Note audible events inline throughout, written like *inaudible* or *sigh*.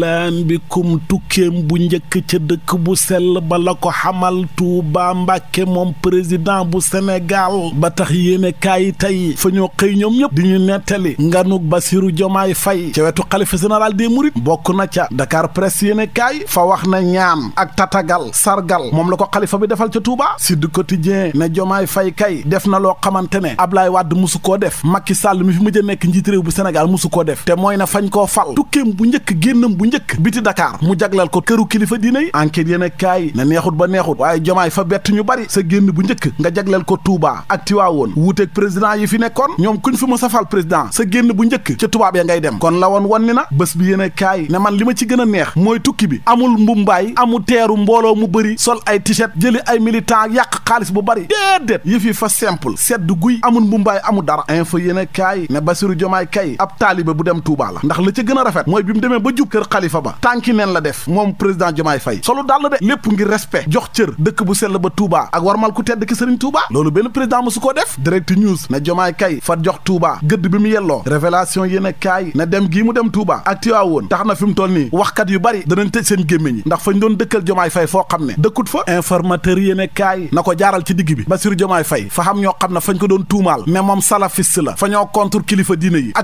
laan bikum tukkeem bu njëkk ca dëkk bu sell ba la ko xamal Tuuba Mbàkke moom président bu Sénégal ba tax yéene kaay tey fa ñoo xëy ñoom ñëpp di ñu nettali nganuk siru Jomaay Fay ca wetu xalifa général des Mourides bokk na ca Dakar Presse yéene kaay fa wax na ñaan ak tatagal sargal moom la ko xalifa bi defal ca Tuuba Sud Quotidien ne Jomaay Fay kay def na loo xamante ne Ablaay Wàdd musu koo def Macky Sall mi fi mujj a nekk njiit bu Sénégal musu koo koo fal tukkeem bu bu njëkk biti Dakar mu jaglal ko këru kilifa diina yi enquête yéen a kaay ne neexut ba neexut waaye jomaay fa bett ñu bari sa génn bu njëkk nga jaglal ko Touba ak Tiwaawoon wuuteeg président yi fi nekkoon ñoom kuñ fi ma safal président sa génn bu njëkk ca tubaab ya ngay dem kon la woon wan ni na bés bi yéen a kaay ne man li ma ci gën a neex mooy tukki bi amul mbumbaay amu teeru mbooloo mu bëri sol ay t-shirt jëli ay militant yàq xaalis bu bari déedéet yëf yi fa simple sedd guy amul mbumbaay amul dara info yéen a kaay ne Basiru Jomaay kay ab taalibe bu dem Touba la ndax la ca gën a rafet bi mu demee ba jub kër xalifa ba tànki neen la def moom président Diomaye Faye solu dàll de lépp ngir respect jox cër dëkk bu sell ba Touba ak warmal ku tedd ki Serigne Touba loolu benn président musu def direct news ne Diomaye kay fa jox Touba gëdd bi mu yelloo révélation yéen a kaay ne dem gii mu dem Touba ak Tiwaawoon tax na fi mu toll nii waxkat yu bari danañ tëj seen gémmiñ yi ndax fañ doon dëkkal Diomaye Faye foo xam ne dëkkut fa informateur yéen a kaay na ko jaaral ci digg bi Bassirou Diomaye ko doon tuumaal mais moom la fa ñoo contre kilifa diine yi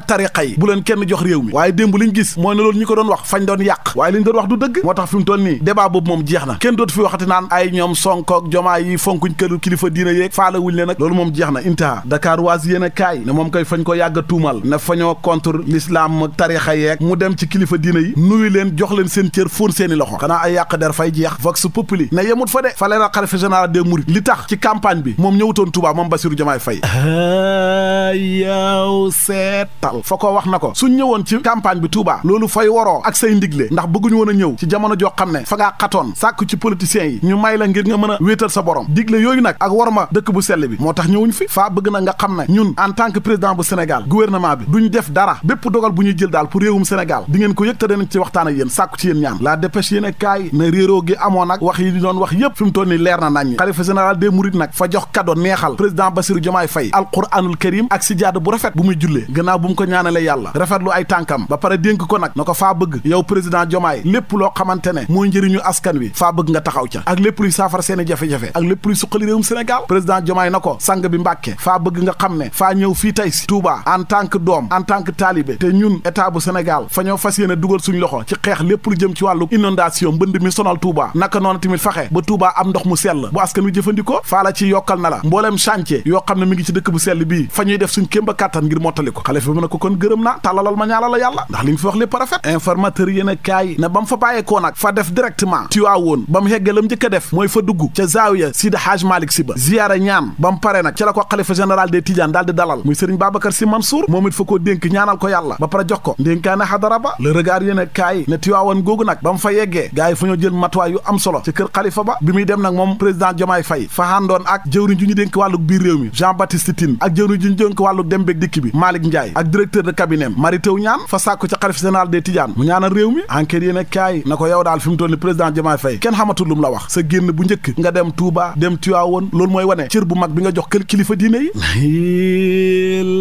fañ doon yàq waaye li ñu doon wax du dëgg moo tax fi mu toll nii débat boobu moom jeex na kenn dootu fi waxati naan ay ñoom sonkoog jomaa yi fonkuñ këru kilifa diina yéeg faalawuñ leen loolu moom jeex na intaha Dakar waas yéen a kaay ne moom koy fañ ko yàgg a ne fañoo contre l'islam ak tarixa mu dem ci kilifa diina yi nuyu leen jox leen seen cër fóon seeni loxo xanaa ay yàq der fay jeex vox populi ne yemut fa de fa leen a xalifa général des mourides li tax bi moom ñëwutoon Touba moom Bassirou Diomaye Faye ah, yow seetal fa ko wax lay ndigle ndax bëgguñu woon a ñëw ci jamono joo xam ne fa ngaa xatoon sàkku ci politiciens yi ñu may la ngir nga mën a wéetal sa borom digle yooyu nag ak war ma dëkk bu sell bi moo tax ñëwuñ fi faa bëgg na nga xam ne ñun en tant bu Sénégal gouvernement bi duñ def dara bépp dogal bu ñuy jël daal pour réewum Sénégal di ko yëg te ci waxtaan ak sàkku ci yéen ñaan la dépêche yéen na réeroo gi amoon ak wax yi di doon wax yépp fi mu toll ni leer na nañ xalifa général des mourides nag fa yow président Diomaye lépp loo xamante ne mooy njëriñu askan wi faa bëgg nga taxaw ca ak lépp luy saafara seeni jafe-jafe ak lépp luy suqali réewum Sénégal président na ko sang bi Mbàkke faa bëgg nga xam ne faa ñëw fii tey si Touba en doom en tant que taalibe te ñun état bu fa ñoo fas yéene dugal suñ loxo ci xeex lépp lu jëm ci wàllu inondation mbënd mi sonal Touba naka noonu tamit faxe ba Touba am ndox mu sell bu askan wi jëfandikoo la ci yokkal na la fa ñuy def a kàttan ngir mottali ko xalifa bi mu ne ko kon gërëm naa tàllalal ma ñaala la yàlla ndax yéen a kaay ne ba mu fa bàyyeekoo nag fa def directement Tiwaawoon ba mu yeggee la mu njëkk a def mooy fa dugg ca zaawiya Sidi Hajj Malick Sy ba ziyaara ñaan ba mu pare nag ca la ko xalifa général des Tidianes daal dalal muy Serigne Babacar Sy Mansour moom it fa ko dénk ñaanal ko yàlla ba pare jox ko ndénkaane xadara ba le regard a kaay ne Tiwaawoon googu nag ba mu fa yeggee gars yi fa ñoo jël matuwaay yu am solo ci kër xalifa ba bi muy dem nag moom président Diomaye Faye fa àndoon ak jëwriñ ju ñu dénk mi Jean Baptiste Tine ak jëwriñ ju ñu dénk wàllu dem beeg dikk bi Malick Ndiaye ak directeur de cabinet Mary Teuw Niane fa sàkku réew mi enquête yéen a kaay na ko yow daal fi mu toll ni président Diomaye Faye kenn xamatul lu la wax sa génn bu njëkk nga dem Touba dem Tivaouane loolu mooy wane cër bu mag bi nga jox kël kilifa diine yi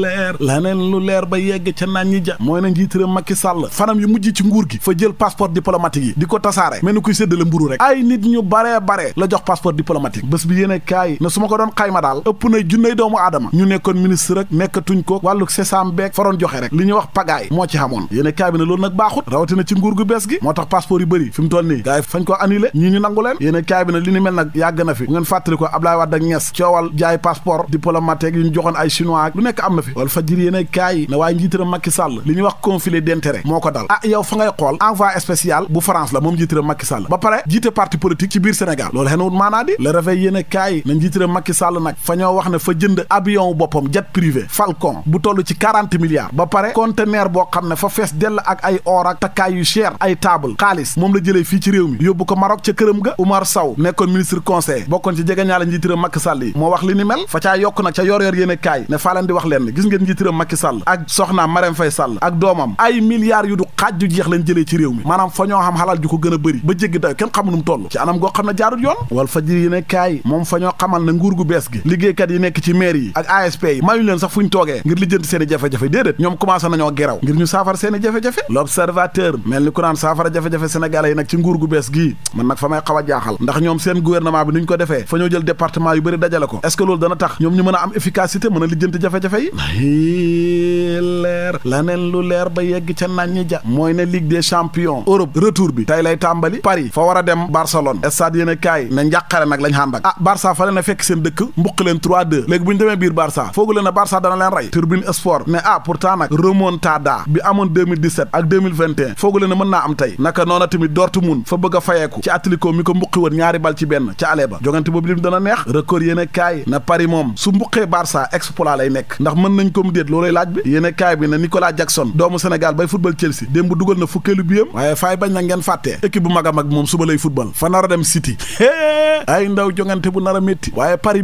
leer laneen lu leer ba yegg ca naan ñi ja mooy na njiitaram Macky Sall fanam yi mujj ci nguur gi fa jël passeport diplomatique yi di ko tasaare mel ni kuy séddale mburu rek ay nit ñu baree baree la jox passeport diplomatique bés bi yéen a na su ma ko doon xayma daal ëpp na junney doomu aadama nekkoon ministre rek nekkatuñ ko wàllu sesaam beeg joxe rek li ñuy wax pagaay moo ci xamoon a kaay ci nguur gu bees gi moo tax passeport yu bëri fi mu toll nii gars yi fañ ko annulé ñii ñu nangu leen yéen a kaay bi nag li ni mel nag yàgg na fi bu ngeen fàttali ko Ablaye Wade ak Niass coowal jaay passeport diplomatique yu ñu joxoon ay chinois ak lu nekk am na fi wala fajir yéen a kaay na waaye njiitaram Macky Sall li ñuy wax conflit d'intérêt moo ko dal ah yow fa ngay xool envoyé spécial bu France la moom njiitaram Macky Sall ba pare jiite parti politique ci biir Sénégal loolu xen wut maanaa di le réveil na njiitaram Macky Sall nag fa ñoo wax fa jënd bu toll ci 40 milliards ba pare conteneur boo xam ne fa fees dell ak jataay ay table yu du xaaj ju jeex lañ jëlee ci réew mi maanaam fa ñoo xam xalaal ju ko gën a bëri ba jéggi dayo kenn xamu nu ci anam goo xam ne jaarut yoon wal fa ji yéen kaay moom fa ñoo xamal ne nguur gu bees gi liggéeykat yi nekk ci maire yi ak ASP yi mayu sax fuñ toogee ngir lijjanti seen i jafe-jafe déedéet ñoom commencé nañoo geraw ngir ñu saafar seen jafe-jafe l'observateur mel ni kuraan saafara jafe-jafe sénégalais yi nag ci nguur gu bees gii man nag fa may xaw a jaaxal ndax ñoom seen gouvernement bi ni ñu ko defee fa ñoo jël département yu bëri dajale ko est dana tax ñoom ñu mën a am efficacité mën a lijjanti jafe-jafe yi leer laneen lu leer ba yegg ca naññi ja mooy ne Ligue des champions Europe retour bi tey lay tàmbali Paris fa war a dem Barcelone stade yéen a kaay ne njàqare nag lañ xànd ak ah fa leen a fekk seen dëkk mbuq leen 3-2 léegi bu ñu demee foogale ne mën naa am tey naka noona tamit Dortmund fa bëgg a ci Atlético mi ko mbuqi woon ñaari bal ci benn ca ale ba jogante boobu lim dana neex record yéen na Paris moom su mbuqee Barça exploit lay nekk ndax mën nañ ko mu déet loolay laaj bi yéen bi ne Nicolas Jackson doomu Sénégal bay football Chelsea démb dugal na fukkeelu biyam waaye faay bañ na ngeen fàttee équipe bu mag a mag moom suba lay football fa nar a dem City *laughs* ay a métti waaye Paris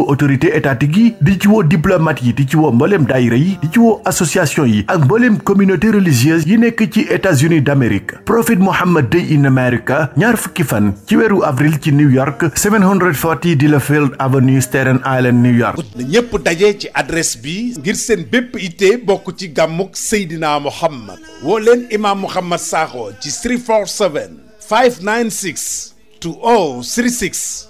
woo autorité étatique yi ci woo yi di ci woo yi di ci woo association yi nekk ci États-Unis d'Amérique Prophet Muhammad Day fukki fan ci weeru avril ci New York 740 Delafield Avenue Staten Island New York na ñépp daje ci adresse bi ngir seen bépp ité bokk ci gàmmuk Seydina Muhammad woo leen imaam Muhammad Sakho ci 347 596